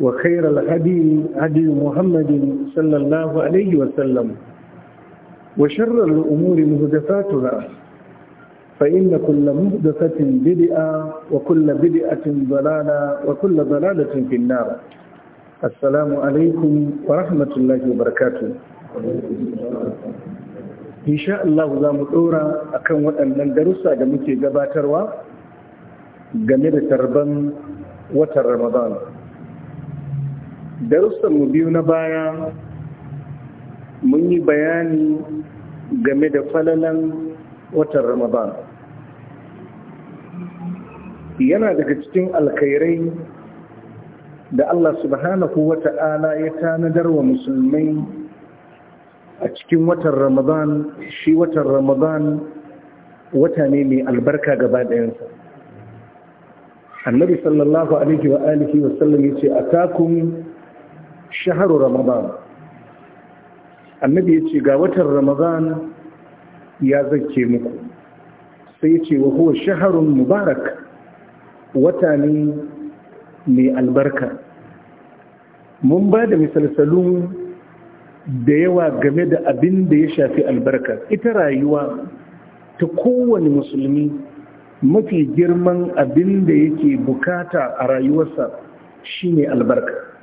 وخير الهدي هدي محمد صلى الله عليه وسلم وشر الأمور مهدفاتها فإن كل مهدفة بدئة وكل بدئة ضلالة وكل ضلالة في النار السلام عليكم ورحمة الله وبركاته إن شاء الله za mu ɗora a kan waɗannan darussa da muke gabatarwa game da tarban watan Ramadan. mu biyu na baya mun yi bayani game da falalan watan ramadan yana daga cikin alkhairai da Allah subhanahu wa ta'ala ya tanadar wa musulmai a cikin watan ramadan shi watan ramadan wata ne mai albarka gaba ɗayansa annabi sallallahu alaihi wa alihi wa sallam yace atakum shaharu ramadan annabi ya ce ga watan ramadan ya zake muku sai ya ce wa huwa shaharun mubarak wata ne mai albarka mun ba da misalsalun da yawa game da abin da ya shafi albarka ita rayuwa ta kowane musulmi mafi girman abin da yake bukata a rayuwarsa shine albarka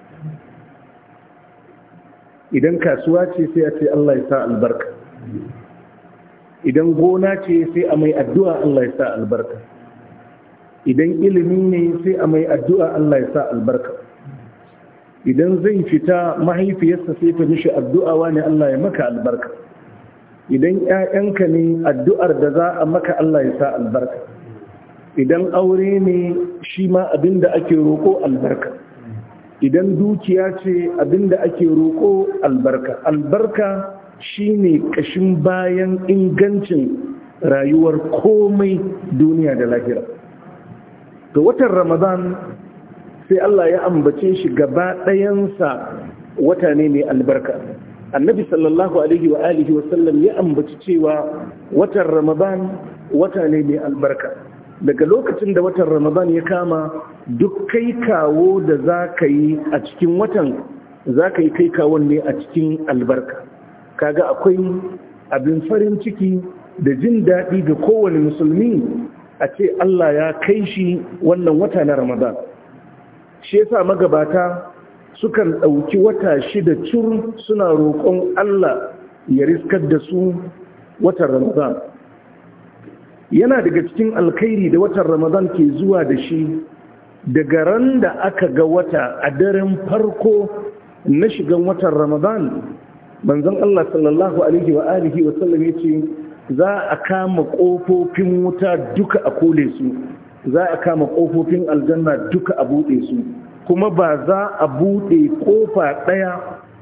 idan kasuwa ce sai a ce Allah ya sa albarka idan gona ce sai a mai addu'a Allah ya sa albarka idan ilimi ne sai a mai addu'a Allah ya sa albarka idan zai fita mahaifiyarsa sai ta mishi addu'a wani Allah ya maka albarka idan ‘ya'yanka ne addu'ar da za a maka Allah ya sa albarka idan aure ne shi ma abin da ake roƙo albarka idan dukiya ce abinda ake roƙo albarka albarka shine ƙashin bayan ingancin rayuwar komai duniya da lahira ga watan ramadan sai Allah ya ambace shi gaba ɗayansa wata ne mai albarka annabi sallallahu alaihi wa alihi ya ambaci cewa watan ramadan wata ne mai albarka daga lokacin da watan ramadan ya kama duk kai kawo da za ka yi a cikin watan za ka yi kai kawon ne a cikin albarka kaga akwai abin farin ciki da jin daɗi ga kowane musulmi a ce Allah ya kai shi wannan wata na ramadan shi yasa magabata sukan ɗauki wata shida cur suna roƙon Allah ya riskar da su watan ramadan yana daga cikin alkhairi da watan ramadan ke zuwa da shi daga ran da aka ga wata a daren farko na shigan watan ramadan banzan Allah sallallahu alaihi wa alihi wa sallam yace za a kama ƙofofin wuta duka a kole su za a kama ƙofofin aljanna duka a buɗe su kuma ba za a bude kofa ɗaya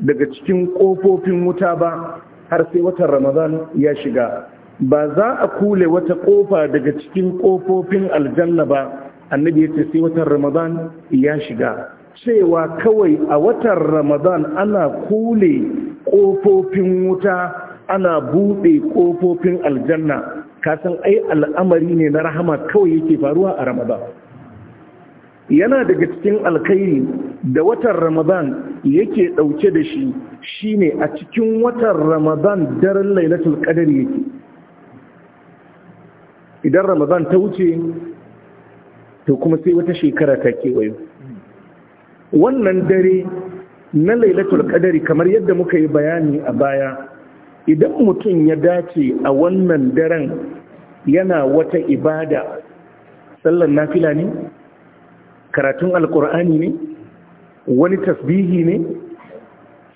daga cikin ƙofofin wuta ba har sai watan ramadan ya shiga ba za a kule wata kofa daga cikin kofofin aljanna ba annabi ya sai watan ramadan ya shiga cewa kawai a watan ramadan ana kule kofofin wuta ana buɗe kofofin aljanna kasan ai al'amari ne na rahama kawai yake faruwa a ramadan yana daga cikin alkhairi da watan ramadan yake ɗauke da shi shine a cikin watan ramadan daren lailatul qadar yake idan ramadan ta wuce to kuma sai wata shekara ta kewayo wannan dare na lailatul qadari kamar yadda muka yi bayani a baya idan mutum ya dace a wannan daren yana wata ibada sallan nafila ne karatun alkur'ani ne wani tasbihi ne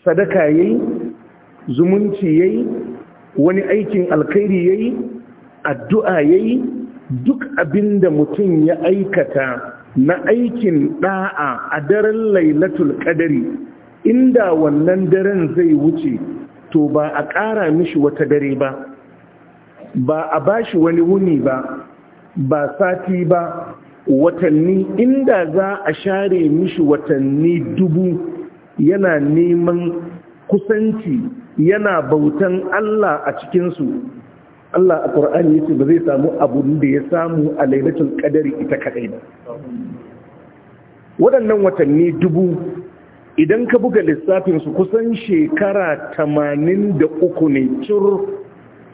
sadaka yayi zumunci yayi wani aikin alkhairi yayi addu'a yi duk abinda mutum ya aikata na aikin ɗa'a a daren lailatul ƙadari inda wannan daren zai wuce to ba a ƙara mishi wata dare ba ba a bashi wani wuni ba ba sati ba watanni inda za a share mishi watanni dubu yana neman kusanci yana bautan Allah a cikinsu Allah a ya ce ba zai samu abun da ya samu a Lailatul ƙadari ita kadai ba waɗannan watanni dubu idan ka buga lissafin su kusan shekara tamanin da uku ne cur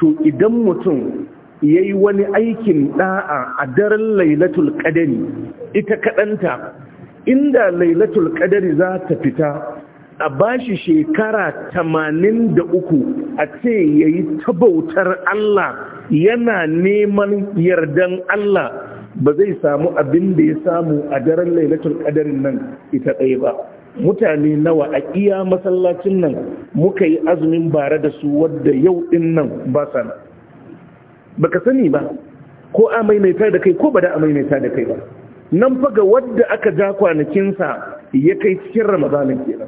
to idan mutum ya yi wani aikin ɗa'a a daren Lailatul ƙadari ita kaɗanta inda Lailatul ƙadari za ta fita a bashi shekara tamanin da uku a ce ya yi tabautar Allah yana neman yardan Allah ba zai samu abin da ya samu a daren lailatul kadarin nan ita ɗaya ba mutane nawa a iya masallacin nan muka yi azumin bare da su wadda yau ɗin nan ba sana ba ka sani ba ko a maimaita da kai ko ba da a maimaita da kai ba nan faga wadda aka ja kwanakinsa ya kai cikin ramadanin kenan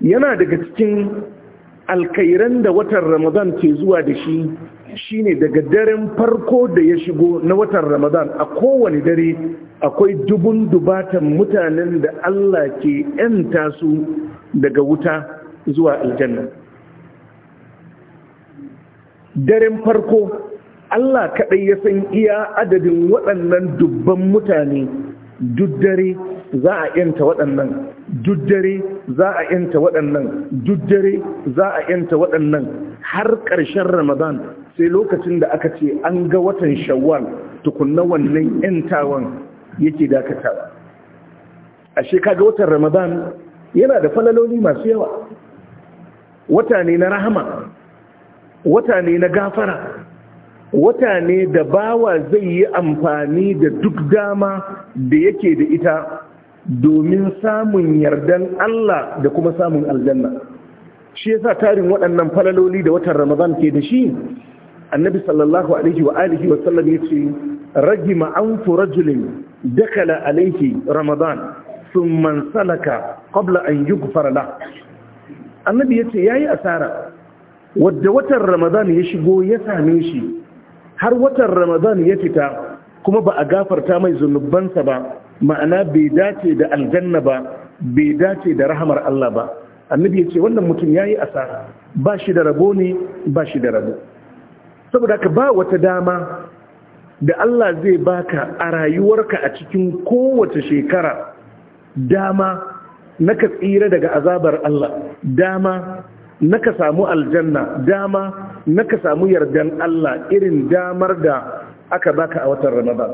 yana daga cikin alkairan da watan ramadan ke zuwa da shi shine daga daren farko da ya shigo na watan ramadan a kowane dare akwai dubun dubatan mutanen da allah ke yanta su daga wuta zuwa aljanna daren farko allah kaɗai ya san iya adadin waɗannan dubban mutane duk dare za a yanta waɗannan Duddare za a yanta waɗannan za a yanta waɗannan har ƙarshen ramadan sai lokacin da aka ce an ga watan shawwal tukunna wannan yantawan yake dakatawa ashe shekaga watan ramadan yana da falaloli masu yawa wata ne na rahama wata ne na gafara wata ne da bawa zai yi amfani da duk dama da yake da ita domin samun yardan Allah da kuma samun aljanna shi yasa tarin waɗannan falaloli da watan Ramadan ke da shi annabi sallallahu alaihi wa alihi wa sallam yace rajima anfu rajulin dakala alaihi Ramadan thumma salaka qabla an yughfar la annabi yace yayi asara wadda watan Ramadan ya shigo ya same shi har watan Ramadan ya fita kuma ba a gafarta mai zunubansa ba ma'ana bai dace da aljanna ba bai dace da rahamar Allah ba annabi ya ce wannan mutum ya yi asara ba shi da rabo ne ba shi da rabo saboda ka ba wata dama da Allah zai baka a rayuwarka a cikin kowace shekara dama na ka tsira daga azabar Allah dama na ka samu aljanna dama na ka samu yardan Allah irin damar da aka baka a watan Ramadan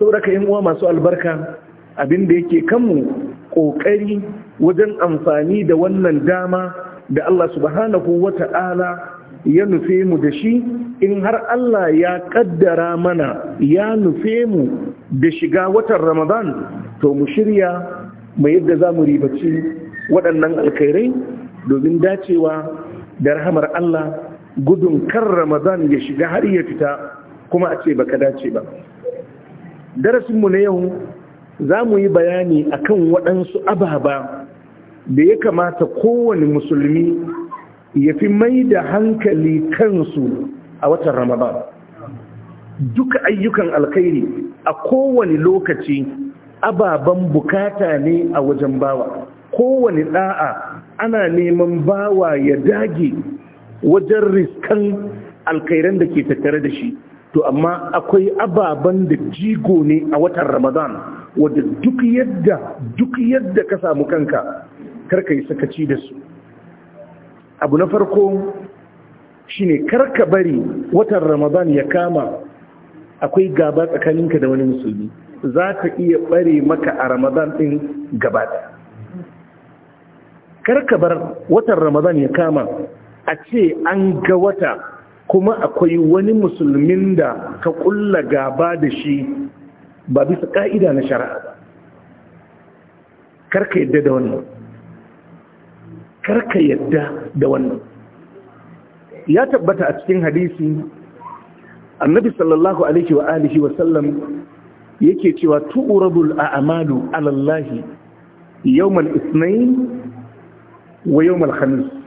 saboda ka yi uwa masu albarka abin da yake kanmu ƙoƙari wajen amfani da wannan dama da Allah subhanahu wa ta'ala ya nufe mu da shi in har Allah ya ƙaddara mana ya nufe mu da shiga watan Ramadan to mu shirya mai yadda za mu ribaci waɗannan alkairai domin dacewa da rahamar Allah gudun kan Ramadan ya shiga har ya fita kuma a ce baka dace ba. darasinmu na yau za mu yi bayani a kan waɗansu ababa da ya kamata kowane musulmi ya fi mai da hankali kansu a watan ramadan duka ayyukan alkhairi a kowane lokaci ababen bukata ne a wajen bawa kowane da'a ana neman bawa ya dage wajen riskan alkhairan da ke tattare da shi to amma akwai ababen da jigo ne a watan ramadan wadda duk yadda duk yadda ka samu kanka karka yi sakaci da su abu na farko shine karka bari watan ramadan ya kama akwai gaba tsakaninka da wani musulmi za ka iya bare maka a ramadan din gaba karka bar watan ramadan ya kama a ce an ga wata kuma akwai wani musulmin da ka kulla gaba da shi ba bisa ka'ida na shari'a ba karka yadda da wannan karka yadda da wannan ya tabbata a cikin hadisi annabi sallallahu alaihi wa alihi wa sallam yake cewa tu'radul a'malu ala Allah yawmal ithnain wa yawmal khamis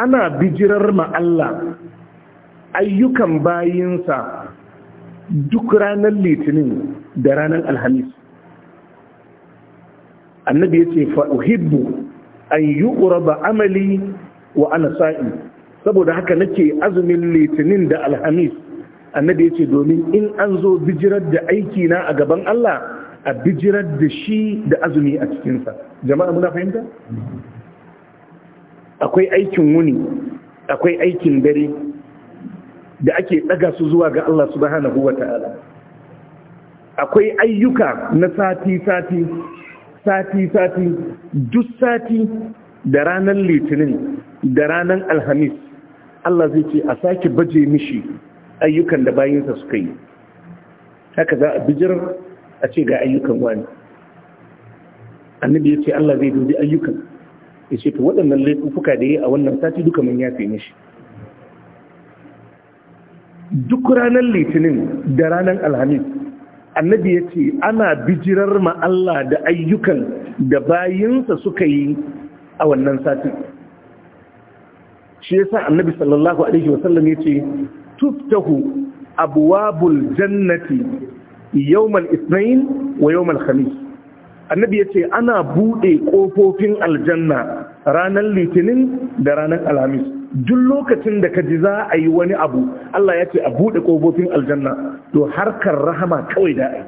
ana bijirar ma'alla ayyukan bayinsa duk ranar litinin da ranar alhamis annabi ya ce fa'uhibbu an yi ƙuraba amali wa ana sa'i saboda haka nake azumin litinin da alhamis annabi ya ce domin in an zo bijirar da aiki na a gaban Allah a bijirar da shi da azumi a cikinsa jama'a muna fahimta? akwai aikin wuni akwai aikin dare da ake tsaga su zuwa ga Allah subhanahu wa ta'ala akwai ayyuka na sati-sati sati-sati duk sati da ranar litinin da ranar alhamis Allah zai ce a sake baje mishi ayyukan da bayansa suka yi haka za a bijir a ce ga ayyukan wani annabi ya ce Allah zai dubi ayyukan ya ce to waɗannan laifuka da ya a wannan sati duka mun yafe mishi duk ranar litinin da ranar alhamis annabi ya ce ana bijirar ma Allah da ayyukan da bayinsa suka yi a wannan sati shi ya sa annabi sallallahu alaihi wasallam ya ce tuftahu abwabul jannati yawmal ithnain wa yawmal khamis annabi ya ce ana buɗe ƙofofin aljanna ranar litinin da ranar alhamis duk lokacin da ka ji za a yi wani abu Allah ya ce a buɗe ƙofofin aljanna to harkar rahama kawai da a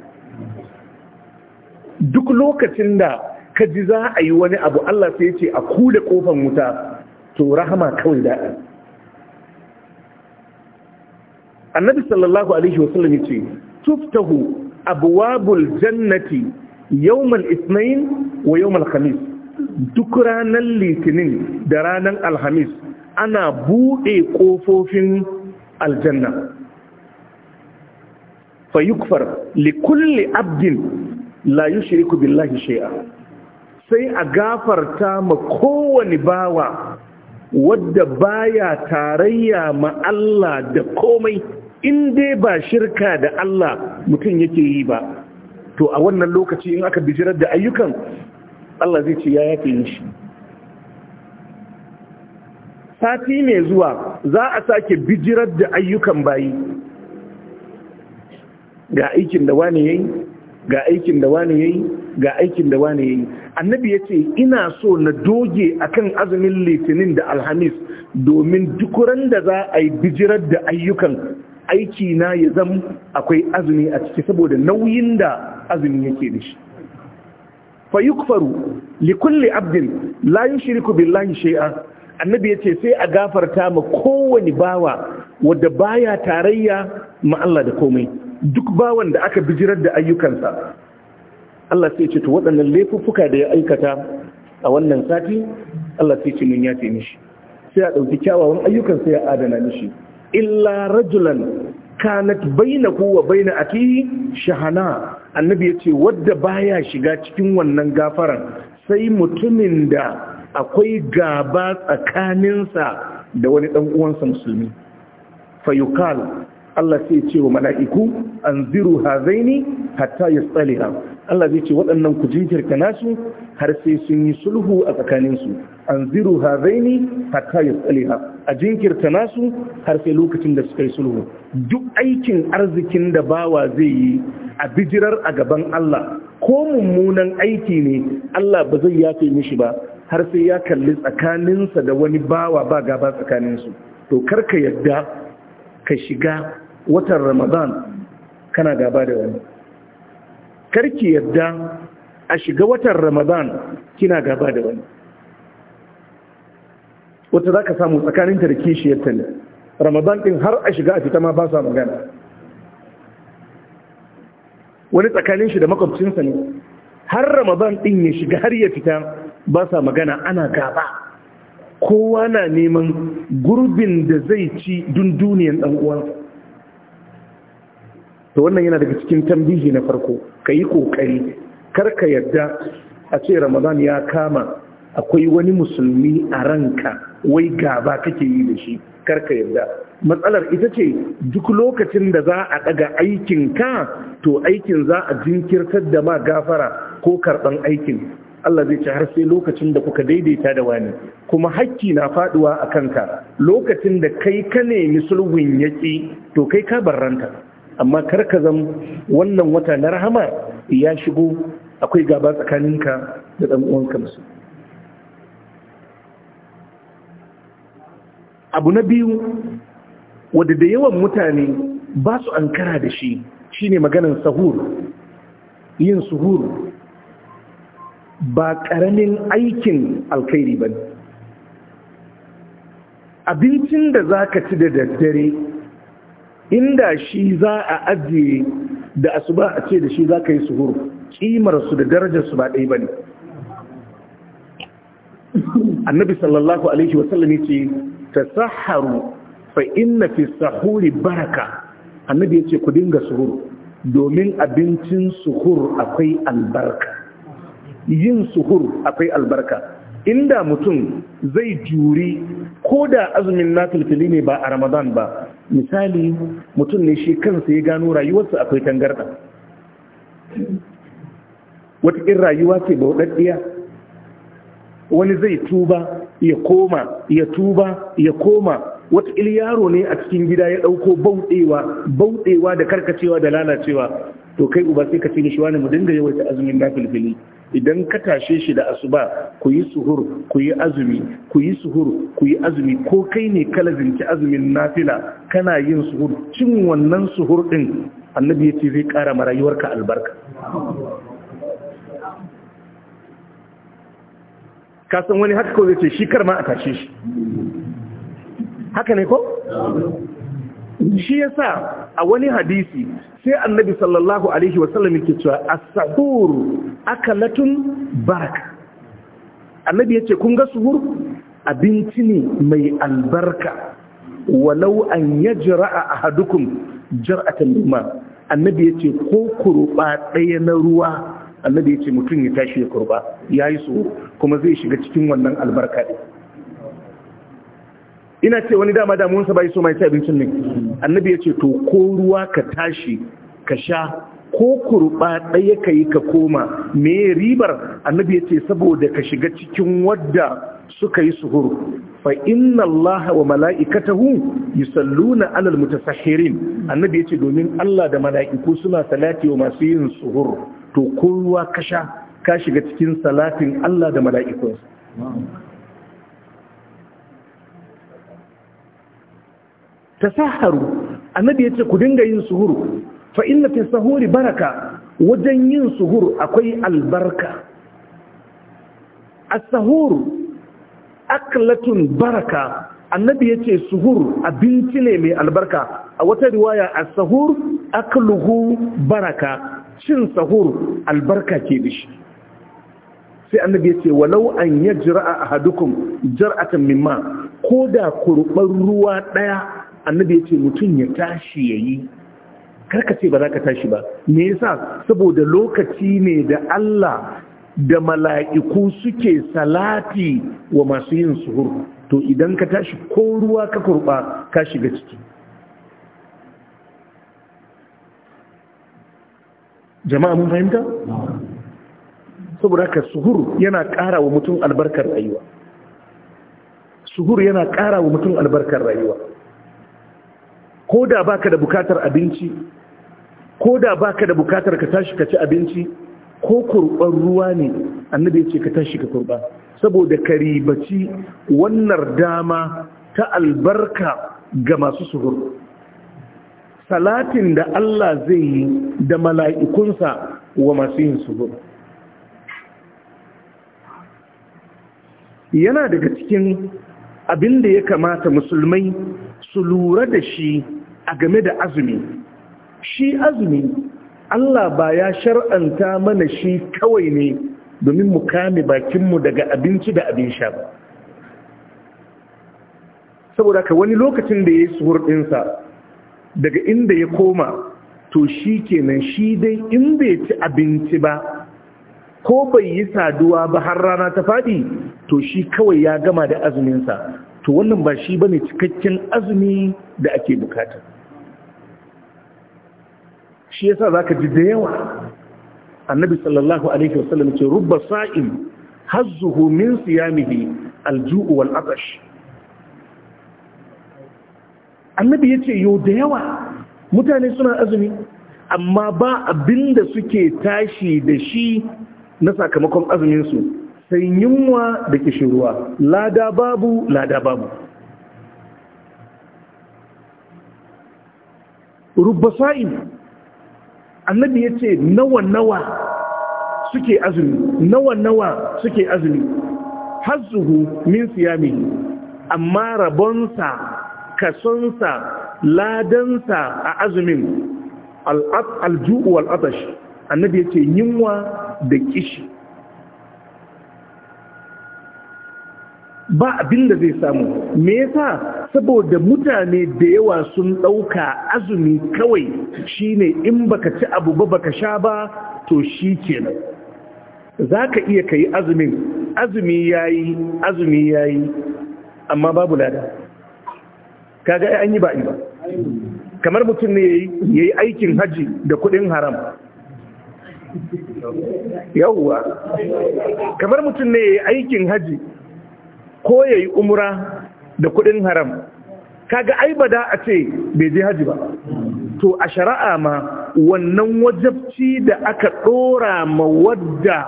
duk lokacin da ka ji za a yi wani abu Allah sai ce a kuɗe ƙofan wuta to rahama kawai da a annabi sallallahu alaihi wasallam ya ce tuftahu abwabul jannati yawmal ismain wa yawmal khamis duk ranar litinin da ranar alhamis ana buɗe ƙofofin aljanna fa yukfar li abdin la yushriku billahi shay'a sai a gafarta ma kowani bawa wadda baya tarayya ma Allah da komai in dai ba shirka da Allah mutum yake yi ba to a wannan lokaci in aka bijirar da ayyukan Allah zai ce ya yafe yin shi sati mai zuwa za a sake bijirar da ayyukan bayi ga aikin da wani yayi ga aikin da wani yayi ga aikin da wani yayi annabi ya ce ina so na doge akan azumin litinin da alhamis domin duk da za a yi bijirar da ayyukan aiki na ya zam akwai azumi a ciki saboda nauyin da azumi yake da shi fa yukfaru li kulli abdin la yushriku billahi shay'a annabi yace sai a gafarta ma kowani bawa wanda baya tarayya ma Allah da komai duk bawan da aka bijirar da ayyukansa Allah sai ce to waɗannan laifuffuka da ya aikata a wannan sati Allah sai ce mun mishi sai a ɗauki kyawawan ayyukan ya adana mishi illa rajulan kanat baina wa baina akihi shahana annabi yace wadda baya shiga cikin wannan gafaran sai mutumin da akwai gaba tsakaninsa da wani dan uwansa musulmi fayukal Allah sai ce wa mala'iku anziru hazaini hatta ya Allah zai ce waɗannan ku nasu har sai sun yi sulhu a tsakaninsu an ziru hazaini hatta ya ha a jinkirta nasu har sai lokacin da suka yi sulhu duk aikin arzikin da bawa zai yi a bijirar a gaban Allah ko mummunan aiki ne Allah ba zai yafe mishi ba har sai ya kalli tsakaninsa da wani bawa ba gaba tsakaninsu to karka yadda ka shiga watan ramadan kana gaba da wani karki yadda a shiga watan ramadan kina gaba da wani wata za ka samu tsakaninta da kishiyarta ne ramadan ɗin har a shiga a fita ma ba sa magana wani tsakanin shi da makwabcinsa ne har ramadan ɗin ya shiga har ya fita ba sa magana ana gaba kowa na neman gurbin da zai ci dunduniyan ɗan uwansa wannan yana daga cikin tambihi na farko ka yi ƙoƙari kar ka yarda a ce ramadan ya kama akwai wani musulmi a ranka wai gaba kake yi da shi karka yarda matsalar ita ce duk lokacin da za a daga aikinka to aikin za a jinkirtar da ma gafara ko karɓan aikin Allah zai ci har sai lokacin da kuka daidaita da wani kuma hakki na faɗuwa a kanka lokacin da kai ka nemi sulhun yaƙi to kai ka barranta amma kar ka zam wannan wata na rahama ya shigo akwai gaba tsakaninka da ɗan uwanka musulmi abu na biyu wadda da yawan mutane ba su an kara da shi shine maganin sahur yin suhur ba ƙaramin aikin alkhairi ba abincin da za ka ci da daddare inda shi za a ajiye da asuba a ce da shi za ka yi suhur ƙimarsu da darajarsu ba ɗaya ba ne annabi sallallahu alaihi wasallam ce tasaharu fa inna fi sahuri baraka annabi yace ku dinga suhur domin abincin suhur akwai albarka yin suhur akwai albarka inda mutum zai juri ko da azumin nafilfili ne ba a ramadan ba misali mutum ne shi kansa ya gano rayuwarsa akwai tangarda wata in rayuwa ce bauɗaɗɗiya wani zai tuba ya koma ya tuba ya koma wata yaro ne a cikin gida ya ɗauko bauɗewa bauɗewa da karkacewa da lalacewa to kai uba sai ka ce shi wani mu dinga yawaita azumin nafilfili idan ka tashe shi da asuba ku yi suhur ku yi azumi ku yi suhur ku yi azumi ko kai ne kala zinci azumin nafila kana yin suhur cin wannan suhur din annabi ya ce zai ƙara ma rayuwarka albarka kasan wani haka kawai ce shi kar ma a tashe shi haka ne ko? shi ya sa a wani hadisi sai annabi sallallahu alaihi wasallam yake cewa a sahur akalatun baraka annabi yace kun ga suhur abinci ne mai albarka walau an a ahadukum jar'atan ma annabi yace ko kurba ɗaya na ruwa annabi ya ce mutum ya tashi ya kurba ya yi so kuma zai shiga cikin wannan albarka ina ce wani dama damuwarsa bai so mai ci abincin ne annabi ya ce to ko ruwa ka tashi ka sha ko kurɓa ɗaya ka yi ka koma me ribar annabi ya ce saboda ka shiga cikin wadda suka yi suhuru fa inna allaha wa mala'ikatahu yusalluna alal mutasahhirin annabi ya ce domin Allah da mala'iku suna salati wa masu yin suhur to ko ruwa ka ka shiga cikin salatin Allah da Ta saharu, annabi ya ce ku dinga yin suhur fa inna fi sahuri baraka wajen yin suhur akwai albarka as suhur aklatun baraka annabi ya ce suhur abinci ne mai albarka a wata riwaya as suhur akluhu baraka cin sahur albarka ke da shi sai annabi ya ce walau an a ahadukum jar'atan mimma ko da kurɓar ruwa ɗaya annabi ya ce mutum ya tashi yayi karka ce ba za ka tashi ba me yasa saboda lokaci ne da Allah da mala'iku suke salati wa masu yin suhur to idan ka tashi ko ruwa ka kurɓa ka shiga ciki jama'a mun fahimta saboda haka suhur yana ƙara wa mutum albarkar rayuwa suhur yana ƙara wa mutum albarkar rayuwa ko da baka da bukatar abinci ko da baka da bukatar ka tashi ka ci abinci ko kurban ruwa ne annabi ce ka tashi ka kurba saboda karibaci wannan dama ta albarka ga masu suhur salatin da Allah zai yi da mala'ikunsa wa masu yin su yana daga cikin abin da ya kamata musulmai su lura da shi a game da azumi shi azumi Allah ba ya shar'anta mana shi kawai ne domin mu kame bakinmu daga abinci da abin sha ba saboda ka wani lokacin da ya yi suhur ɗinsa daga inda ya koma to shi kenan shi dai in bai ci abinci ba ko bai yi saduwa ba har rana ta faɗi to shi kawai ya gama da azuminsa to wannan ba shi ba ne cikakken azumi da ake bukata shi ya sa za ka ji da yawa annabi sallallahu alaihi wasallam ce rubba sa'in hazzuhu min siyamihi alju'u wal atash annabi ya ce yau da yawa mutane suna azumi amma ba abin da suke tashi da shi na sakamakon azuminsu sai yunwa da kishirwa lada babu lada babu sa'i annabi ya ce nawa-nawa suke azumi nawa-nawa suke azumi hazzuhu min siyami amma rabonsa kasonsa ladansa a azumin alju'u wal'atash annabi ya ce yinwa da kishi ba abin da zai samu me yasa saboda mutane da yawa sun ɗauka azumi kawai shine in baka ci abu ba baka sha ba to shi kenan za ka iya ka yi azumin azumi yayi azumi yayi amma babu lada kaga an yi ba ba kamar mutum ne ya yi aikin hajji da kudin haram yauwa kamar mutum ne ya yi aikin haji ko ya yi umura da kudin haram kaga ai ba da a ce bai je haji ba to a shari'a ma wannan wajabci da aka ɗora ma wadda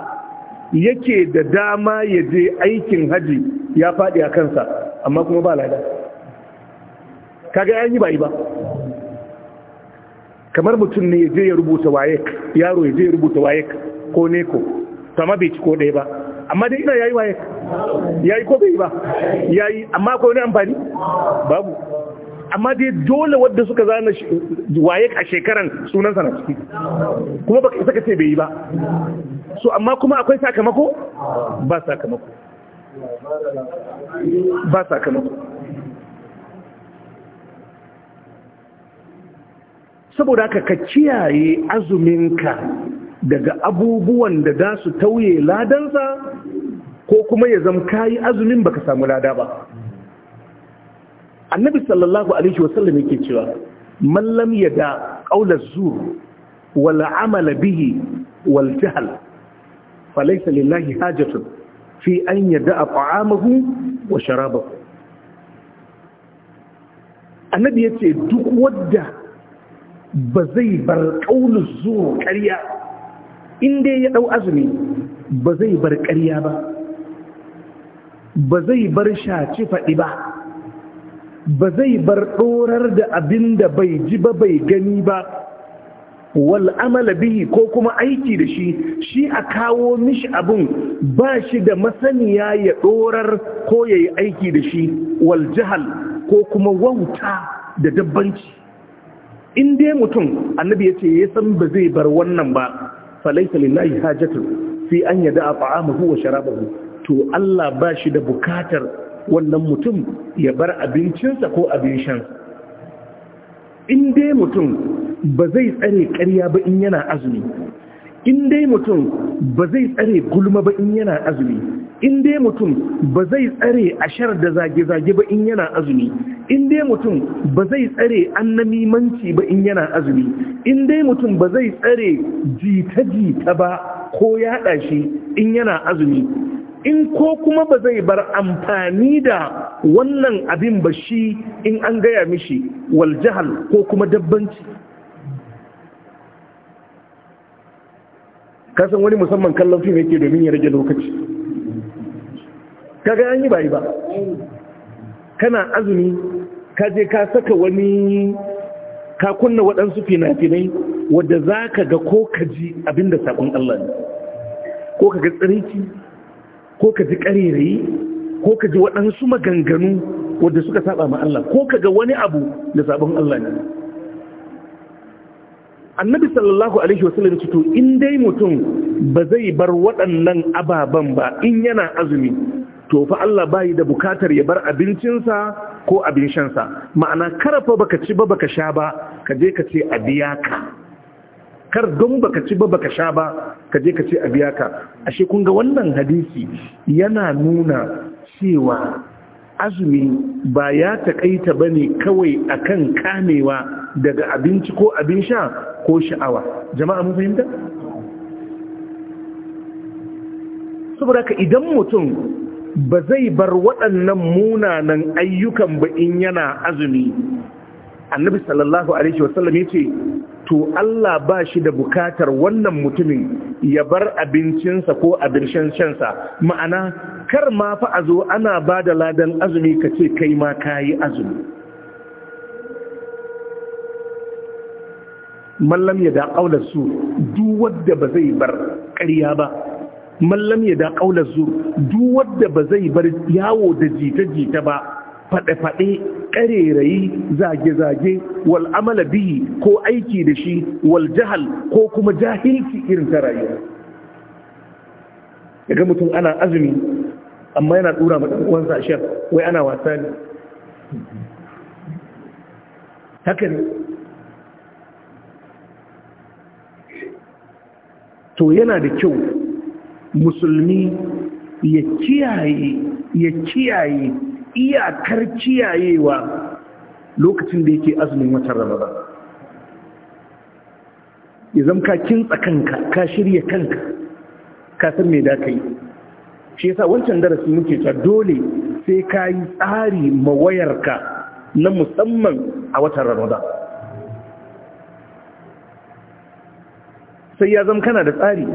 yake da dama ya je aikin hajji ya faɗi a kansa amma kuma ba lada kaga ya yi ba yi ba kamar mutum ne je ya rubuta waye yaro ya je ya rubuta waye ko ne ko sama bai ci ko ɗaya ba amma dai ina yayi waye yayi ko bai ba yayi amma ko ne amfani babu amma dai dole wadda suka zana waye a shekaran sunan sana ciki kuma baka saka ce bai yi ba so amma kuma akwai sakamako ba sakamako ba sakamako saboda haka ka kiyaye azuminka daga abubuwan da za su tauye ladansa ko kuma ya zama kayi azumin baka samu lada ba annabi sallallahu alaihi wasallam yake cewa Mallam ya da ƙaular zuwa wal amala bihi wal jahl falaysa lillahi hajatun fi an yada ta'amahu wa sharabahu annabi ce duk wadda. ba zai bar ƙaunar zuwa ƙarya inda ya ɗau azumi ba zai bar ƙarya ba ba zai bar shaci faɗi ba ba zai bar ɗorar da abin da bai ji ba bai gani ba wal amala bihi ko kuma aiki da shi shi a kawo mishi abin ba shi da masaniya ya ɗorar ko ya yi aiki da shi wal jahal ko kuma wauta da dabbanci in dai mutum annabi ya ce ya san ba zai bar wannan ba falaita lillahi hajatu fi an yada a ta'amahu wa sharabahu to Allah ba shi da bukatar wannan mutum ya bar abincinsa ko abin shan in dai mutum ba zai tsare karya ba in yana azumi in dai mutum ba zai tsare gulma ba in yana azumi in dai mutum ba zai tsare a shar da zage-zage ba in yana azumi in dai mutum ba zai tsare annamimanci ba in yana azumi in dai mutum ba zai tsare jita-jita ba ko yaɗa shi in yana azumi in ko kuma ba zai bar amfani da wannan abin ba shi in an gaya mishi waljahal ko kuma dabbanci kasan wani musamman kallon fim yake domin ya rage lokaci kaga an yi ba yi ba kana azumi ka je ka saka wani ka kunna waɗansu fina-finai wadda za ka ga ko ka ji abinda saƙon Allah ne ko ka ga tsariki ko ka ji ƙarerayi ko ka ji waɗansu maganganu wadda suka saba ma Allah ko ka ga wani abu da saɓon Allah ne annabi sallallahu alaihi wasallam sallam to in dai mutum ba zai bar waɗannan ababen ba in yana azumi to fa Allah bayi da bukatar ya bar abincinsa ko abin shansa ma'ana karafa baka ci ba baka sha ba ka je ka ce a biya ka kar don baka ci ba baka sha ba ka je ka ce a biya ka ashe kun ga wannan hadisi yana nuna cewa azumi ba ya takaita ne kawai akan kamewa daga abinci ko abin sha ko sha'awa jama'a mun fahimta saboda ka idan mutum ba zai bar waɗannan munanan ayyukan ba in yana azumi annabi sallallahu alaihi wasallam ya ce to Allah ba shi da bukatar wannan mutumin ya bar abincinsa ko abin shansa ma'ana kar ma fa a zo ana ba da ladan azumi ka ce kai ma ka yi azumi mallam ya da su duk wadda ba zai bar karya ba mallam ya da ƙaular zu duk wadda ba zai bar yawo da jita-jita ba faɗe-faɗe ƙarerayi zage-zage wal amala bihi ko aiki da shi wal jahal ko kuma jahilci irin ta rayuwa daga mutum ana azumi amma yana ɗura maɗan'uwansa a shef wai ana wasa ne haka ne to yana da kyau musulmi ya kiyaye ya kiyaye iyakar kiyayewa lokacin da yake azumin watan ramadan ya zama ka kintsa kanka ka shirya kanka ka san me da ka yi shi yasa wancan darasi muke ta dole sai ka yi tsari mawayarka na musamman a watan ramadan sai ya zama kana da tsari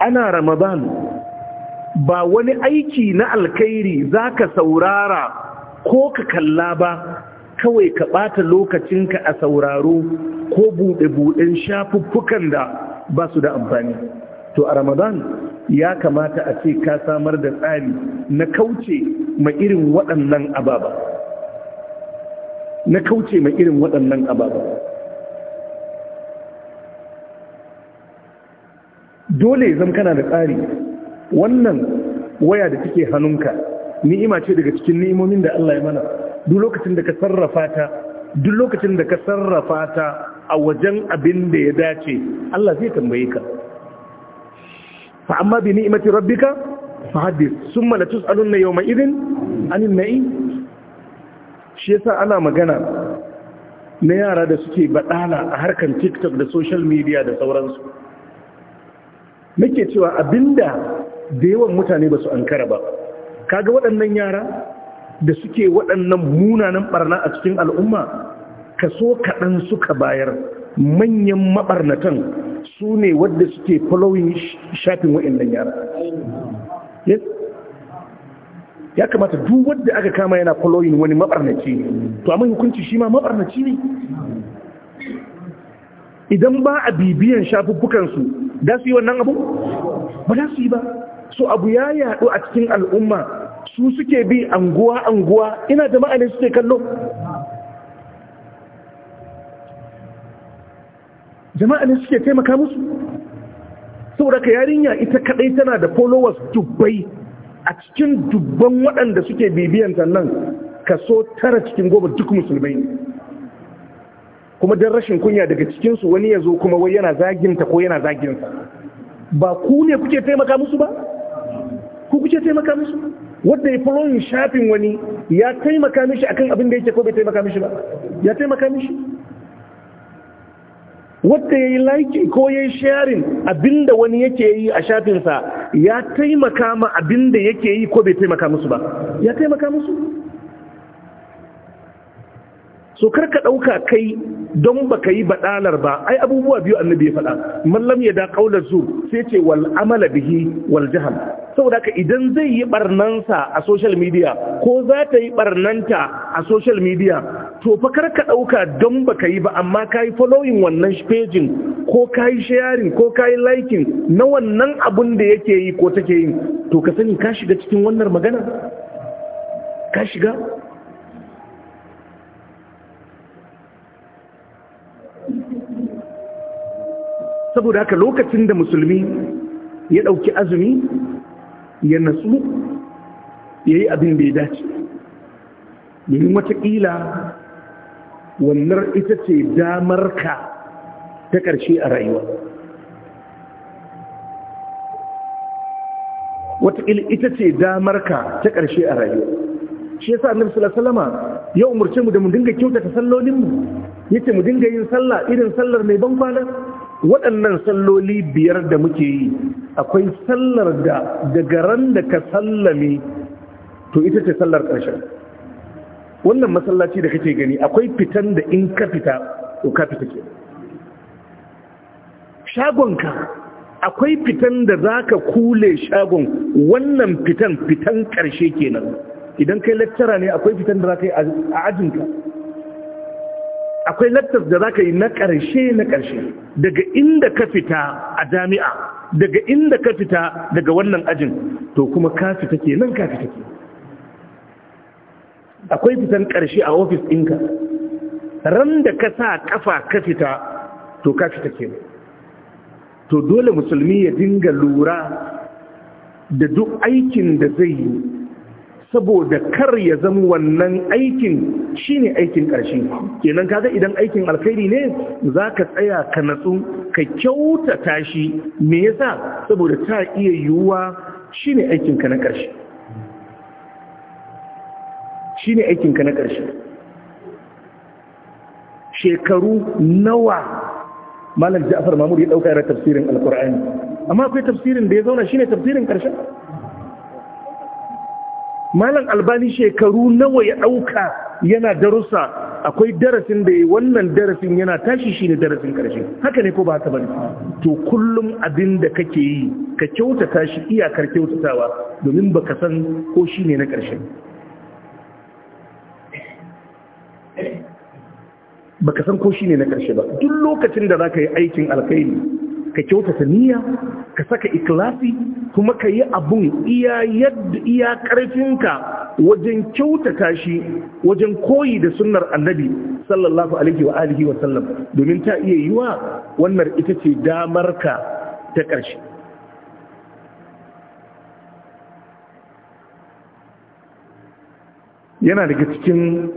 ana ramadan ba wani aiki na alkhairi za ka saurara ko ka kalla ba kawai ka ɓata lokacinka a sauraro ko buɗe-buɗen shafuffukan da ba su da amfani to a ramadan ya kamata a ce ka samar da tsari na kauce ma irin waɗannan ababa na kauce ma irin waɗannan ababa dole zama kana da tsari wannan waya da take hannunka ni'ima ce daga cikin ni'imomin da Allah ya mana duk lokacin da ka sarrafa ta duk lokacin da ka sarrafa ta a wajen abin da ya dace Allah zai tambaye ka fa amma bi ni'imati rabbika fa hadith summa la tus'aluna yawma idhin anil na'im shi yasa ana magana na yara da suke badala a harkar TikTok da social media da sauransu nake cewa abinda da yawan mutane ba su ankara ba kaga waɗannan yara da suke waɗannan munanan ɓarna a cikin al'umma kaso kaɗan suka bayar manyan maɓarnatan su ne wadda suke following shafin waɗannan yara ya kamata duk wadda aka kama yana following wani maɓarnaci to amma hukunci shi ma maɓarnaci ne idan ba a bibiyan shafuffukansu da su yi wannan abu ba za su yi ba su abu ya yaɗu a cikin al'umma su suke bi anguwa anguwa ina jama'a ne suke kallo jama'a ne suke taimaka musu saboda ka yarinya ita kaɗai tana da followers dubbai a cikin dubban waɗanda suke bibiyanta nan kaso tara cikin goma duk musulmai kuma don rashin kunya daga cikinsu wani ya zo kuma wai yana zaginta ko yana zaginsa ba ku ne kuke taimaka musu ba ku kuke taimaka musu wadda ya fulon shafin wani ya taimaka mishi akan abin da yake ko bai taimaka mishi ba ya taimaka mishi wadda ya yi laiki ko ya yi sharing abin da wani yake yi a shafinsa ya taimaka ma abin da yake yi ko bai taimaka musu ba ya taimaka musu so ka ɗauka kai don baka yi baɗalar ba ai abubuwa biyu annabi ya faɗa mallam ya da ƙaular zu sai ce wal amala bihi wal jahal saboda ka idan zai yi barnansa a social media ko za ta yi barnanta a social media to fa karka ɗauka don baka yi ba amma ka yi following wannan page ko ka yi sharing ko ka yi liking na wannan abun da yake yi ko take yi to ka sani ka shiga cikin wannan magana ka shiga saboda haka lokacin da musulmi ya ɗauki azumi ya natsu ya yi abin da ya dace domin watakila wannan ita ce damar ka ta ƙarshe a rayuwa watakila ita ce damar ka ta ƙarshe a rayuwa shi yasa annabi sallallahu alaihi wasallama ya umurce mu da mu dinga kyautata sallolinmu yace mu dinga yin sallah irin sallar mai ban kwana waɗannan salloli biyar da muke yi akwai sallar da daga ran da ka sallame to ita ce sallar ƙarshen wannan masallaci da kake gani akwai fitan da in ka fita to ka fita ke shagonka akwai fitan da za ka kule shagon wannan fitan fitan ƙarshe kenan idan kai lattara ne akwai fitan da za ka yi a ajinka akwai lattas da za ka yi na ƙarshe na ƙarshe daga inda ka fita a jami'a daga inda ka fita daga wannan ajin to kuma ka fita ke nan ka fita ke akwai fitan ƙarshe a ofis ɗinka ran da ka sa ƙafa ka fita to ka fita ke to dole musulmi ya dinga lura da duk aikin da zai yi saboda kar ya zama wannan aikin shi ne aikin ƙarshe kenan kaga idan aikin alkhairi ne za ka tsaya ka natsu ka kyautata shi me yasa saboda ta iya yiwuwa shi aikin ka na ƙarshe shine aikin ka na ƙarshe shekaru nawa malam Ja'far Mahmud ya ɗauka yana tafsirin Alƙur'ani amma akwai tafsirin da ya zauna shi ne tafsirin ƙarshen malam albani shekaru nawa ya ɗauka yana darussa akwai darasin da ya wannan darasin yana tashi shi ne darasin karshe haka ne ko ba ta bane to kullum abin da kake yi ka kyautata shi iyakar kyautatawa domin ba ka san ko ne na ba ka san ko ne na ƙarshe ba duk lokacin da za ka yi aikin alkhairi ka kyautata niyya ka saka ikilasi kuma ka yi abun iya yadda iya ƙarfinka wajen kyautata shi wajen koyi da sunnar annabi sallallahu alaihi wa alihi wa sallam domin ta iya yiwa wannan ita ce damarka ta ƙarshe yana daga cikin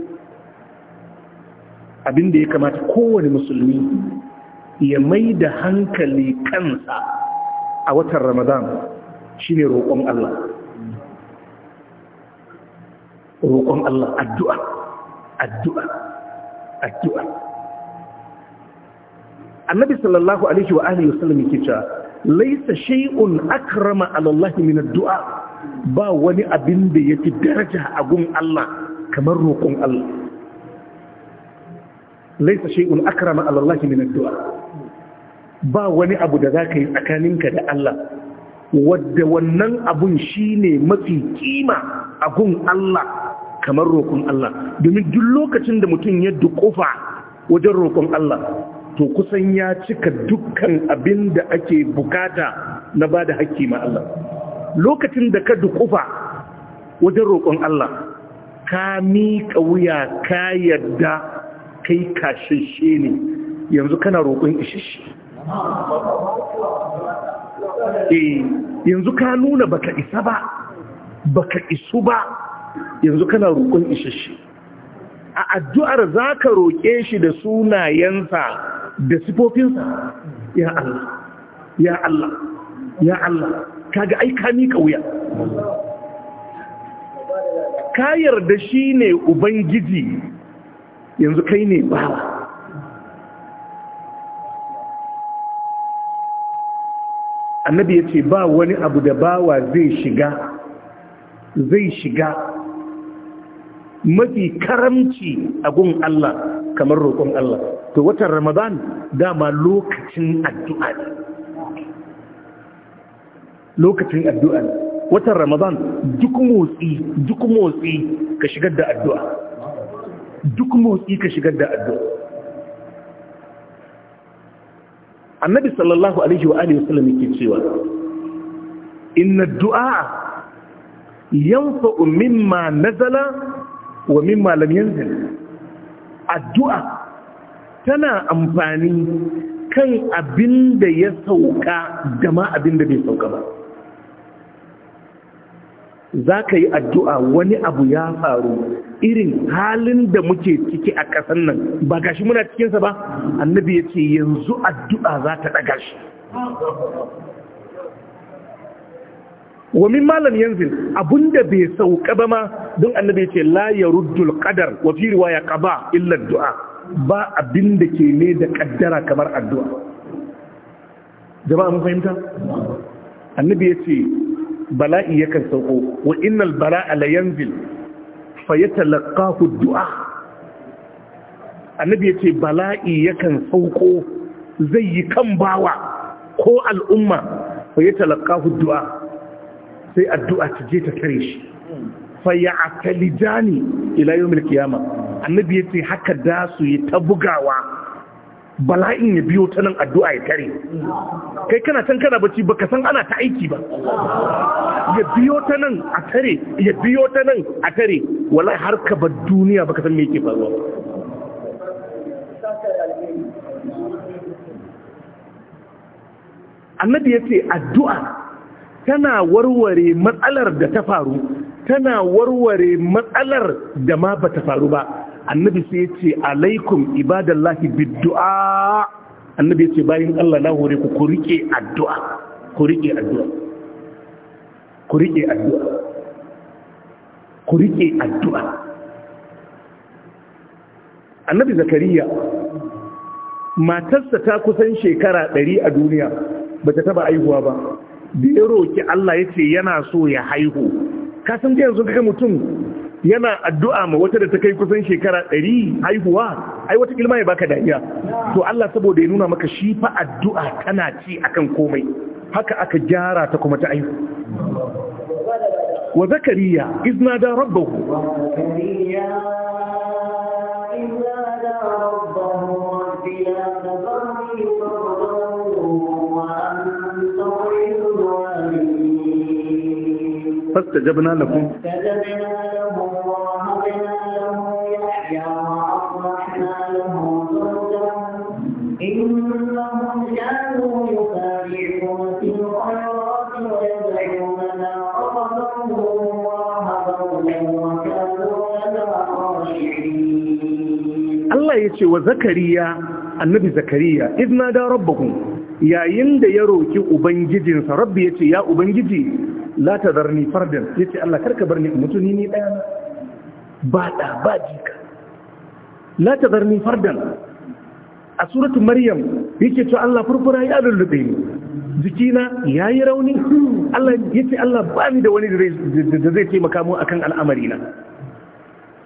abin da ya kamata kowane musulmi ya mai da hankali kansa a watan ramadan shi ne roƙon Allah roƙon Allah addu'a addu'a addu'a annabi sallallahu alaihi wa alihi wasallam yake cewa laisa shay'un akrama ala Allah min addu'a ba wani abin da fi daraja a gun Allah kamar roƙon Allah laisa shay'un akrama ala Allah min addu'a ba wani abu da za ka yi tsakaninka da Allah wadda wannan abun shi ne mafi kima abun Allah kamar roƙon Allah domin duk lokacin da mutum ya duƙufa wajen roƙon Allah to kusan ya cika dukkan abin da ake bukata na ba da haƙƙi ma Allah lokacin da ka duƙufa wajen roƙon Allah ka miƙa wuya ka yadda kai kashashe ne yanzu kana roƙon isheshe Eh, yanzu ka nuna baka isa ba baka isu ba yanzu kana roƙon isasshe a addu'ar za ka roƙe shi da sunayensa da sifofinsa ya Allah ya Allah ya Allah kaga ai ka miƙa wuya ka yarda shi ne ubangiji yanzu kai ne bawa annabi ya ce ba wani abu da bawa zai shiga zai shiga mafi karamci a gun Allah kamar roƙon Allah to watan ramadan dama lokacin addu'a ne lokacin addu'a ne watan ramadan duk motsi duk motsi ka shigar da addu'a duk motsi ka shigar da addu'a annabi sallallahu alaihi wa alihi wasallam yake cewa inna du'a yanfa'u mimma nazala wa mimma lam yanzil addu'a tana amfani kan abinda ya sauka da ma abinda bai sauka ba za ka yi addu'a wani abu ya faru irin halin da muke ciki a ƙasar nan ba gashi muna cikinsa ba annabi ya ce yanzu addu'a za ta ɗaga shi wamin malam yanzu da bai sauka ba ma don annabi ya ce la ya ruddul qadar wa fi riwaya qaba illa du'a ba abin da ke ne da ƙaddara kamar addu'a jama'a mun fahimta annabi ya ce bala'i yakan sauko wa innal bala'a la yanzil fa yatalaqahu du'a annabi yace bala'i yakan sauko zai yi kan bawa ko al'umma fa yatalaqahu du'a sai addu'a ta je ta kare shi fa ya'talijani ila yawmil qiyamah annabi yace haka da su yi ta bugawa bala'in ya biyo ta nan addu'a ya tare kai kana can kana bacci baka san ana ta aiki ba ya biyo ta nan a tare ya biyo ta nan a tare wallahi har ka bar duniya baka san me yake faruwa annabi yace addu'a tana warware matsalar da ta faru tana warware matsalar da ma bata faru ba annabi sai yace alaikum ibadallahi biddu'a annabi yace bayin Allah na hore ku ku rike addu'a ku rike addu'a ku rike addu'a ku rike addu'a annabi zakariya matarsa ta kusan shekara 100 a duniya bata taba aihuwa ba da ya roki Allah yace yana so ya haihu kasan ga yanzu ga mutum yana addu'a ma wata da ta kai kusan shekara ɗari haihuwa ai wata ilma ya baka dariya to Allah saboda ya nuna maka shi fa addu'a tana ci akan komai haka aka gyara ta kuma ta aihu wa zakariya izna da rabbahu فاستجبنا لكم فاستجبنا ce wa zakariya annabi zakariya izna da rabbahum yayin da ya roki ubangijinsa rabbi ya ce ya ubangiji la tadarni fardan ce Allah karka barni mutuni ni ɗaya na, ba ɗa ba jika la zarni fardan a suratul maryam ya yake to Allah furfura ya lullube ni jikina yi rauni Allah ce Allah ba ni da wani da zai taimaka mu akan al'amari na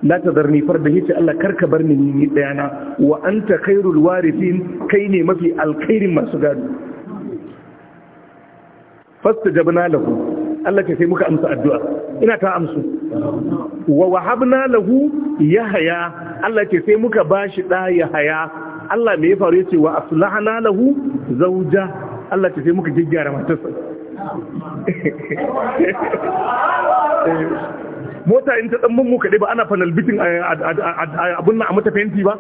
la tadarni farda yace Allah karka bar ni ni daya na wa anta khairul warithin kai ne mafi alkhairin masu gado fastajabna lahu Allah ce sai muka amsa addu'a ina ta amsu wa wahabna lahu yahya Allah ce sai muka bashi da yahya Allah me ya faru yace wa aslahna lahu zawja Allah ce sai muka gyaggyara matarsa eh. mota in ta dan mun muka ba ana panel bitin abun nan a mata fenti ba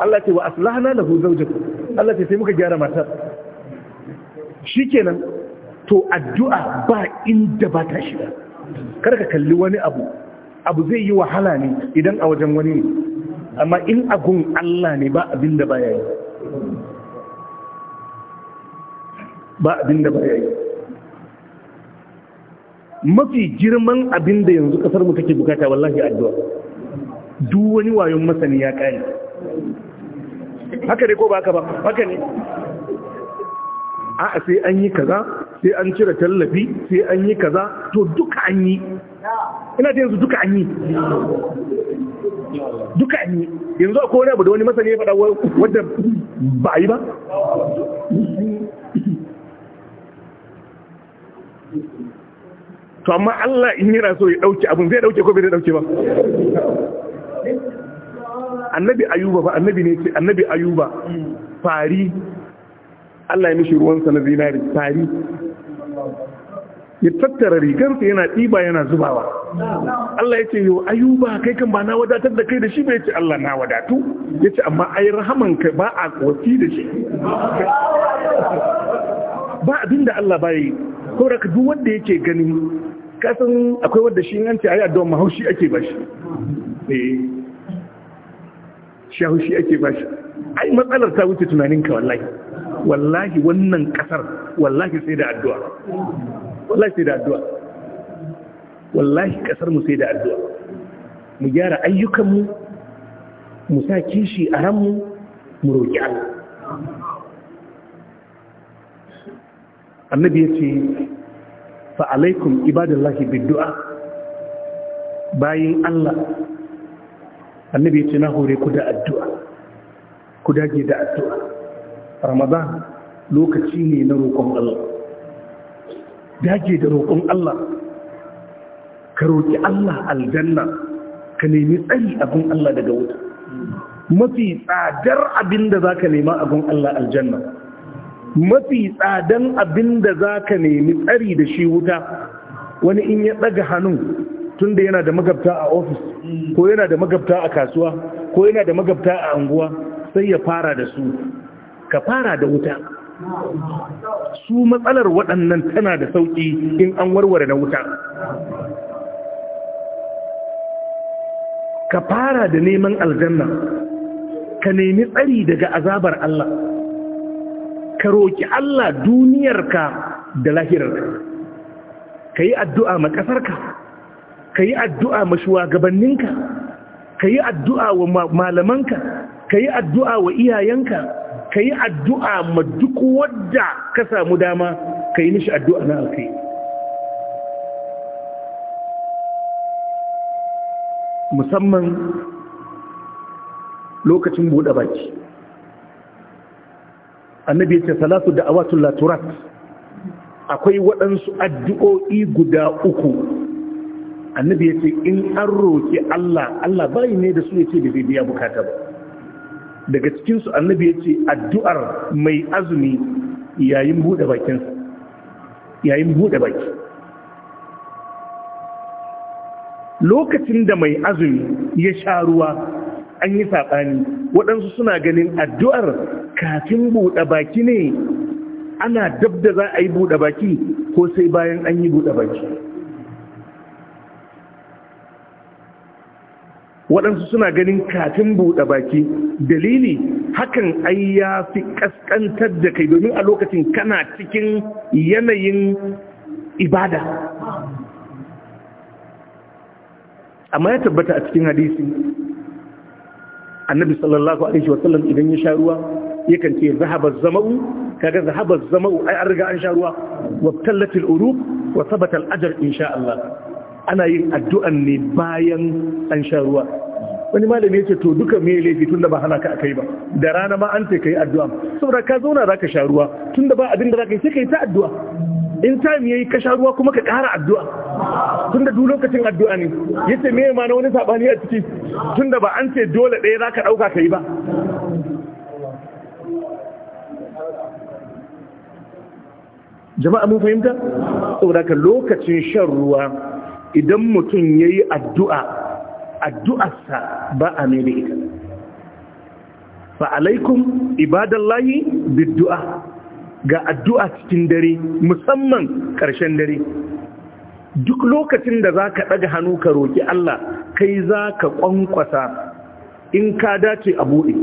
Allah ce wa aslahna lahu zawjakum Allah ce sai muka gyara matar shikenan to addu'a ba inda ba ta shiga kar ka kalli wani abu abu zai yi wahala ne idan a wajen wani ne amma in agun Allah ne ba abin da ba yayi ba abin da ba yayi mafi girman abin da yanzu kasar mu take bukata wallahi addu'a duk wani wayon masani ya kare haka ne ko ba haka ba haka ne a sai an yi kaza sai an cire tallafi sai an yi kaza to duka an yi ina da yanzu duka an yi duka an yi yanzu akwai wani abu da wani masani ya faɗa wadda ba yi ba to amma Allah in yana so ya dauke abin zai dauke ko bai dauke ba annabi ayuba ba annabi ne ce annabi ayuba fari Allah ya mishi ruwansa na zinari fari ya tattara rigarsa yana ɗiba yana zubawa Allah ya ce yau ayuba kai kan ba na wadatar da kai da shi bai ce Allah na wadatu ya ce amma ai rahaman kai ba a kofi da shi ba abin da Allah ba yi saboda duk wanda yake ganin kasan akwai wadda shi yanci a yi mahaushi ake ba shi ne eh. ake ba shi ai matsalar ta wuce tunaninka wallahi wallahi wannan kasar wallahi sai da addu'a wallahi sai da addu'a wallahi kasar mu sai da addu'a mu gyara ayyukanmu mu sa kishi a ranmu mu roƙi Allah annabi yace fa alaikum ibadallahi biddu'a bayin Allah annabi ya ce na hore ku da addu'a ku dage da addu'a ramadan lokaci ne na roƙon Allah dage da roƙon Allah ka roƙi Allah aljanna ka nemi tsari abin Allah daga wuta mafi tsadar abin da za ka nema abin Allah aljanna mafi tsadan abin da za ka nemi tsari da shi wuta wani in ya ɗaga hannun tun da yana da magabta a ofis ko yana da magabta a kasuwa ko yana da magabta a anguwa sai ya fara da su ka fara da wuta su matsalar waɗannan tana da sauƙi in an warware na wuta ka fara da neman aljanna ka nemi tsari daga azabar Allah ka roƙi Allah duniyarka da lahirarka ka yi addu'a ma ƙasarka ka yi addu'a ma shugabanninka ka yi addu'a wa malamanka ka yi addu'a wa iyayenka ka yi addu'a ma duk wadda ka samu dama ka yi nishi addu'a na alkai musamman lokacin buɗe baki annabi ya ce salatu da awatul laturat akwai waɗansu addu'o'i guda uku annabi ya ce in an roƙi Allah Allah bayi ne da su ya ce da zai biya bukata ba daga cikinsu annabi ya ce addu'ar mai azumi yayin buɗe bakinsa yayin buɗe baki lokacin da mai azumi ya sha ruwa an yi saɓani waɗansu suna ganin addu'ar kafin buɗe baki ne ana dab da za a yi buɗe baki ko sai bayan an yi buɗe baki waɗansu suna ganin kafin buɗe baki dalili hakan ai ya fi ƙasƙantar da kai domin a lokacin kana cikin yanayin ibada amma ya tabbata a cikin hadisi annabi sallallahu alaihi wasallam idan ya sha ruwa yakan ce zahaba zama'u kaga zahaba zama'u ai an riga an sha ruwa wa tallatil urub wa sabata ajr insha Allah ana yin addu'an ne bayan an sha ruwa wani malami yace to duka me laifi tunda ba hana ka akai ba da rana ma an ce kai addu'a saboda ka zauna zaka sha ruwa tunda ba abin da zaka yi sai kai ta addu'a in time yayi ka sha ruwa kuma ka ƙara addu'a tunda duk lokacin addu'a ne yace me ma na wani sabani a ciki tunda ba an ce dole ɗaya zaka dauka kai ba jama'a mun fahimta saboda ka lokacin shan ruwa idan mutum ya yi addu'a addu'arsa ba a mene ita alaikum ibadallahi biddu'a ga addu'a cikin dare musamman ƙarshen dare duk lokacin da za ka ɗaga hannu ka roƙi Allah kai za ka ƙwanƙwasa in ka dace a buɗe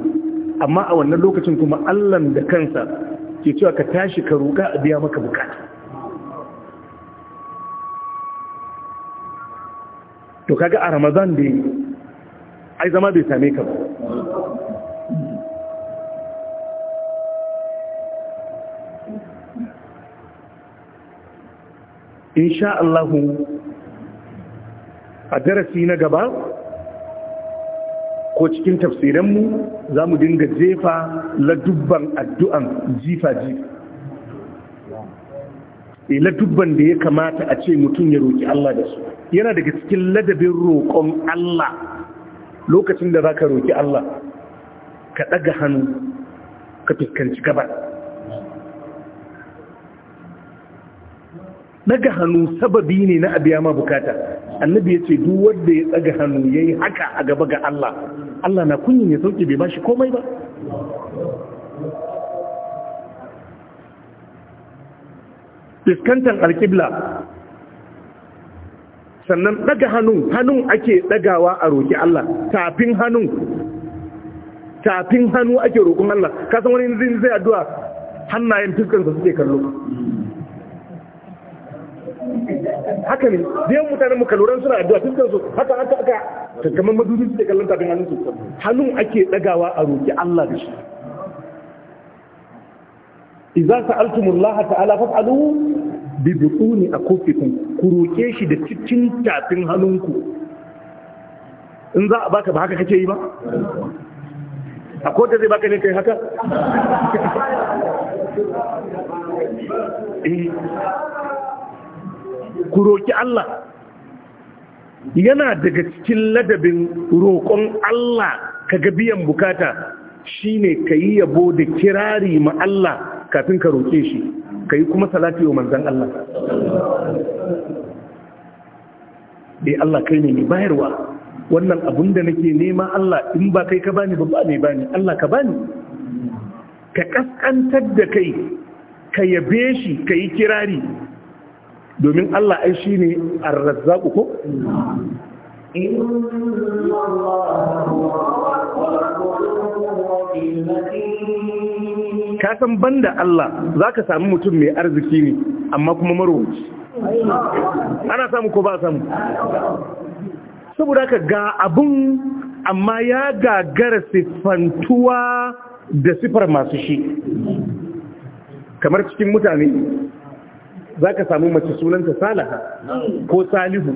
amma a wannan lokacin kuma Allah da kansa ke cewa ka tashi ka roƙa a biya maka bukata to kaga a ramazan da ai zama bai same ka ba insha Allahu a darasi na gaba ko cikin tafsiranmu za mu dinga jefa ladubban addu'an jifa-jifa eh, ladubban da ya kamata a ce mutum ya roƙi Allah da su yana daga cikin ladabin roƙon Allah lokacin da za ka roƙi Allah ka ɗaga hannu ka fuskanci gaba ɗaga hannu sababi ne na abiya ma bukata annabi ya ce duk wanda ya tsaga hannu ya yi haka a gaba ga Allah Allah na kunyin ya sauke bai bashi komai ba fiskantar alkibla sannan daga hannun hannun ake dagawa a roƙi Allah tafin hannun tafin hannu ake roƙon Allah kasan wani zai addu'a hannayen fiskansa suke kallo haka ne da yawan mutane muka lura suna addu'a fuskar su haka haka aka kamar madudin su da kallon tafin hannun su hannun ake dagawa a roƙi Allah da shi idza sa'altumullaha ta'ala fa'alu bi buquni akufikum ku roke shi da cikin tafin hannunku in za a baka ba haka kake yi ba a kota zai baka ne kai haka eh ku roƙi Allah yana daga cikin ladabin roƙon Allah ka ga biyan bukata shine ka yi yabo da kirari ma Allah kafin ka roƙe shi ka yi kuma salati wa manzan Allah dai eh, Allah kai ne mai bayarwa wannan abun da nake nema Allah in ba kai ka bani ba ba ne bani Allah ka bani ka kaskantar da kai ka yabe shi ka yi kirari domin Allah ai shi ne arrazzaku ko? ka san banda Allah za ka sami mutum mai arziki ne amma kuma marowaci ana samu ko ba samu saboda ka ga abun amma ya gagara siffantuwa da siffar masu shi kamar cikin mutane za ka samu mace sunanta salaha ko salihu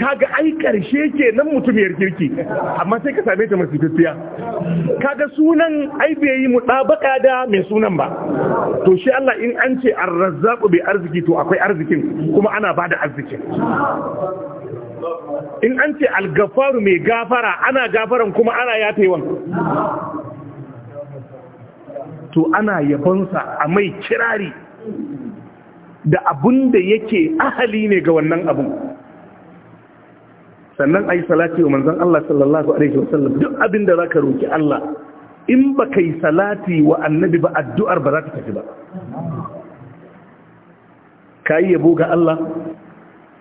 kaga ai karshe ke nan mutum mutumiyar kirki amma sai ka same ta masu tafiya kaga sunan ai bai yi mu dabaka da mai sunan ba to shi Allah in an ce an razzaku bi arziki to akwai arzikin kuma ana bada arziki. in an ce algafaru mai gafara ana gafaran kuma ana yafewan to ana yabonsa a mai kirari da abun da yake ahali ne ga wannan abun sannan yi salati wa manzon Allah sallallahu alaihi wasallam duk abin da zaka roki Allah in baka yi salati wa annabi ba addu'ar ba za ta tafi ba yi yabo ga Allah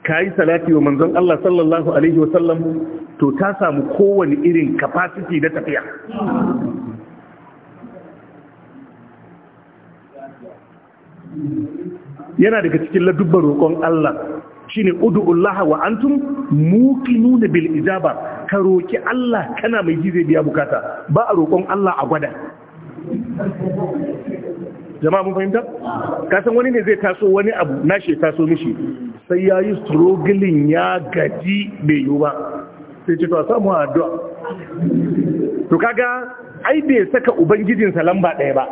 yi salati wa manzon Allah sallallahu alaihi wasallam to ta samu kowane irin capacity da tafiya Thank you. yana daga cikin ladubban roƙon Allah shi shine ud'ullaha wa antum muqinuna bil ijaba ka roƙi Allah kana mai ji zai biya bukata ba a roƙon Allah a gwada jama'a mun fahimta ka san wani ne zai taso wani abu na shi taso mishi sai ya yi struggling ya gaji bai yi ba sai ce to a samu addu'a to kaga ai bai saka ubangijinsa lamba ɗaya ba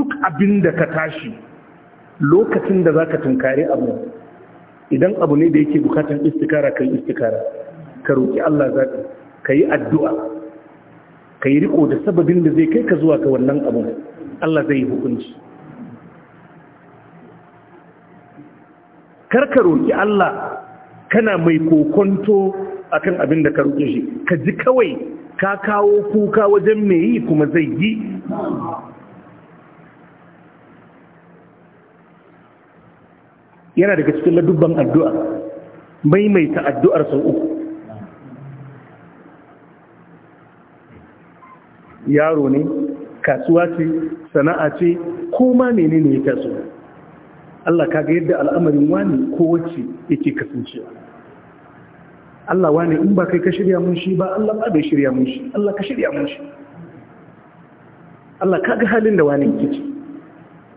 duk abin da ka tashi lokacin da za ka tunkari abu idan abu ne da yake bukatan istikara kan istikara ka roƙi Allah za ka yi addu'a ka yi riko da sababin da zai kai ka zuwa ga wannan abu Allah zai yi hukunci kar ka roƙi Allah kana mai kokonto kan abin da ka roƙe shi ka ji kawai ka kawo kuka wajen mai yi kuma zai yi yana daga cikin ladubban addu'a maimaita addu'ar sau uku yaro ne kasuwa ce sana'a ce ko ma menene ya taso Allah kaga yadda al'amarin wani ko wacce yake kasancewa Allah wani in ba kai ka shirya mun shi ba Allah ba bai shirya mun shi Allah ka shirya mun shi Allah kaga halin da wani yake ci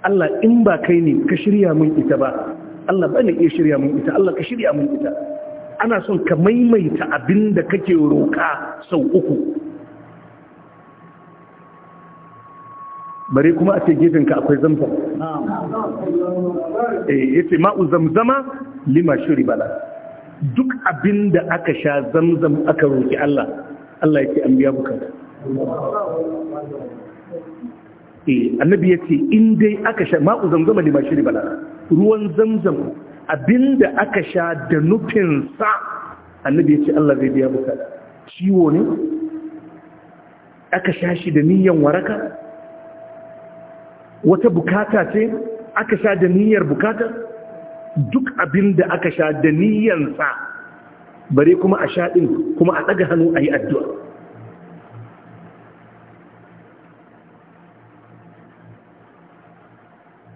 Allah in ba kai ne ka shirya mun ita ba Allah ba ni iya shirya mun ita Allah ka shirya mun ita ana son ka maimaita abinda da kake roƙa sau uku bare kuma a ce ka akwai zamzam eh, ya ce ma'u zamzama lima shuri bala duk abinda aka sha zamzam aka roƙi Allah Allah ya ce an biya bukata eh, annabi ya ce in dai aka sha ma'u zamzama lima shuri bala ruwan zamzam abinda aka sha da nufinsa annabi ya ce Allah zai biya buka ciwo ne aka sha shi da niyyar waraka wata bukata ce aka sha da niyyar bukata duk abinda aka sha da sa, bare kuma a sha din kuma a daga hannu a yi addu'a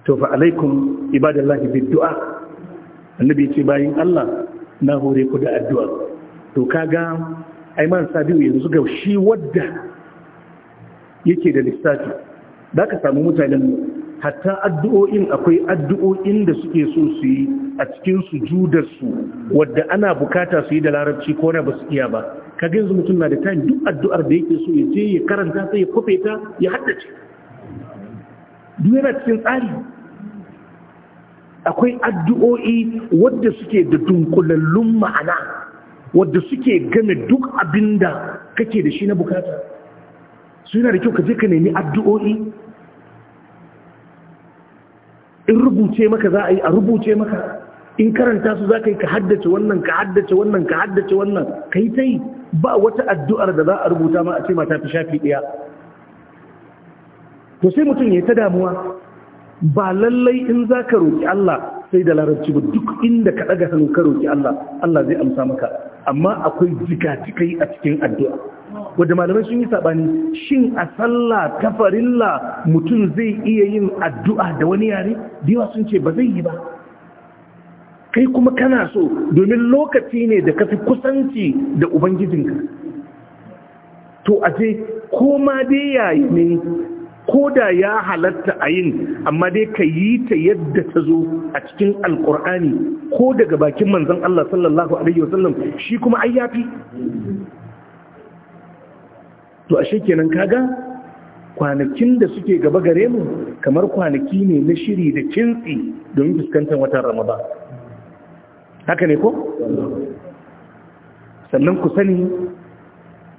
to fa alaikum ibadallahi biddu'a annabi ce bayin Allah na hore ku da addu'a to kaga man sabiu yanzu ga shi wadda yake da lissafi da ka samu mutanen hatta addu'o'in akwai addu'o'in da suke so su yi a cikin su wadda ana bukata su yi da larabci ko na ba iya ba kaga yanzu mutum na da tayin duk addu'ar da yake so ya je ya karanta sai ya kofeta ta ya haddace duk yana cikin tsari akwai addu'o'i wadda suke da dunkulallun ma'ana wadda suke game duk abin da kake da shi na bukata su yana da kyau ka je ka nemi addu'o'i in rubuce maka za a yi a rubuce maka in karanta su za ka yi ka haddace wannan ka haddace wannan ka haddace wannan ka yi ta yi ba wata addu'ar da za a rubuta ma a ce mata fi shafi ɗaya to sai mutum ya yi ta damuwa ba lallai in za ka roƙi Allah sai da larabci ba duk inda ka ɗaga hannu ka roƙi Allah Allah zai amsa maka amma akwai jika a cikin addu'a wadda malamai sun yi saɓani shin a sallah ta farilla mutum zai iya yin addu'a da wani yare da sun ce ba zai yi ba kai kuma kana so domin lokaci ne da ka fi kusanci da ubangijinka to a je ko ma dai yayi ne ko da ya halatta a yin amma dai ka yi ta yadda ta zo a cikin alkur'ani ko daga bakin manzan Allah sallallahu alaihi wasallam shi kuma ai yafi to ashe kenan kaga kwanakin da suke gaba gare mu kamar kwanaki ne na shiri da kintsi domin fuskantar watan Ramadan haka ne ko sannan ku sani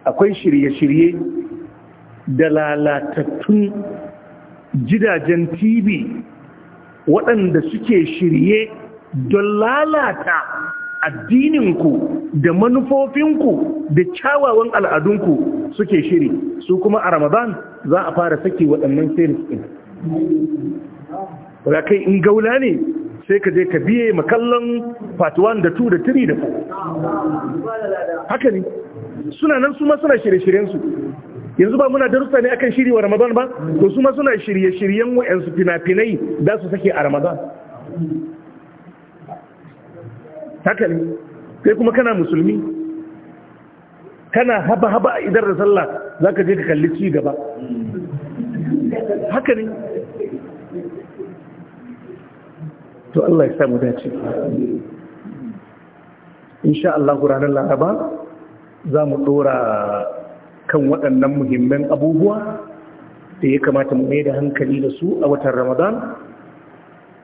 akwai shirye-shirye da lalatattun gidajen tv waɗanda suke shirye don lalata addininku da manufofinku da kyawawan al'adunku suke shiri su kuma a ramadan za a fara saki waɗannan series ɗin ba kai in gaula ne sai ka je ka biye makallon part 1 da 2 da 3 da 4 haka ne suna nan su suna shirye-shiryensu yanzu ba muna darussa ne akan shiri wa ramadan ba to su ma suna shirye-shiryen wa'yansu fina-finai da su sake a ramadan haka ne kai kuma kana musulmi kana haba-haba a idar da sallah za ka je ka kalli ci gaba haka ne to Allah ya samu dace insha Allah ranar laraba za mu dora kan waɗannan muhimman abubuwa da ya kamata mu mai da hankali da su a watan ramadan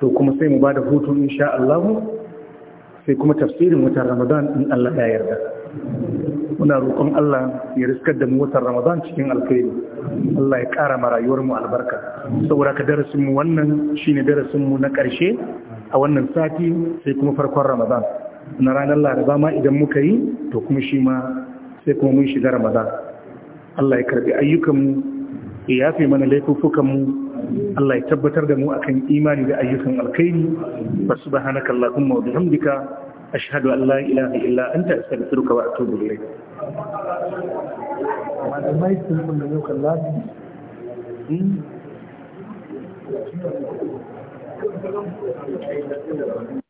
to kuma sai mu ba da hutu insha Allah sai kuma tafsirin watan ramadan in Allah ya yarda muna roƙon Allah ya riskar da mu watan ramadan cikin alkhairi Allah ya ƙara ma rayuwar mu albarka saboda ka darasin mu wannan shine darasin mu na ƙarshe a wannan sati sai kuma farkon ramadan na ranar laraba ma idan muka yi to kuma shi ma sai kuma mun shiga ramadan Allah ya karbi ayyukanmu ya yafe mana laifukanmu, Allah ya tabbatar da mu akan imani da ayyukan alkhairi fa subhanaka allahumma wa bihamdika ashhadu an la ilaha illa anta astaghfiruka wa atubu ilayk malamai sun kun da yau lafi hmm?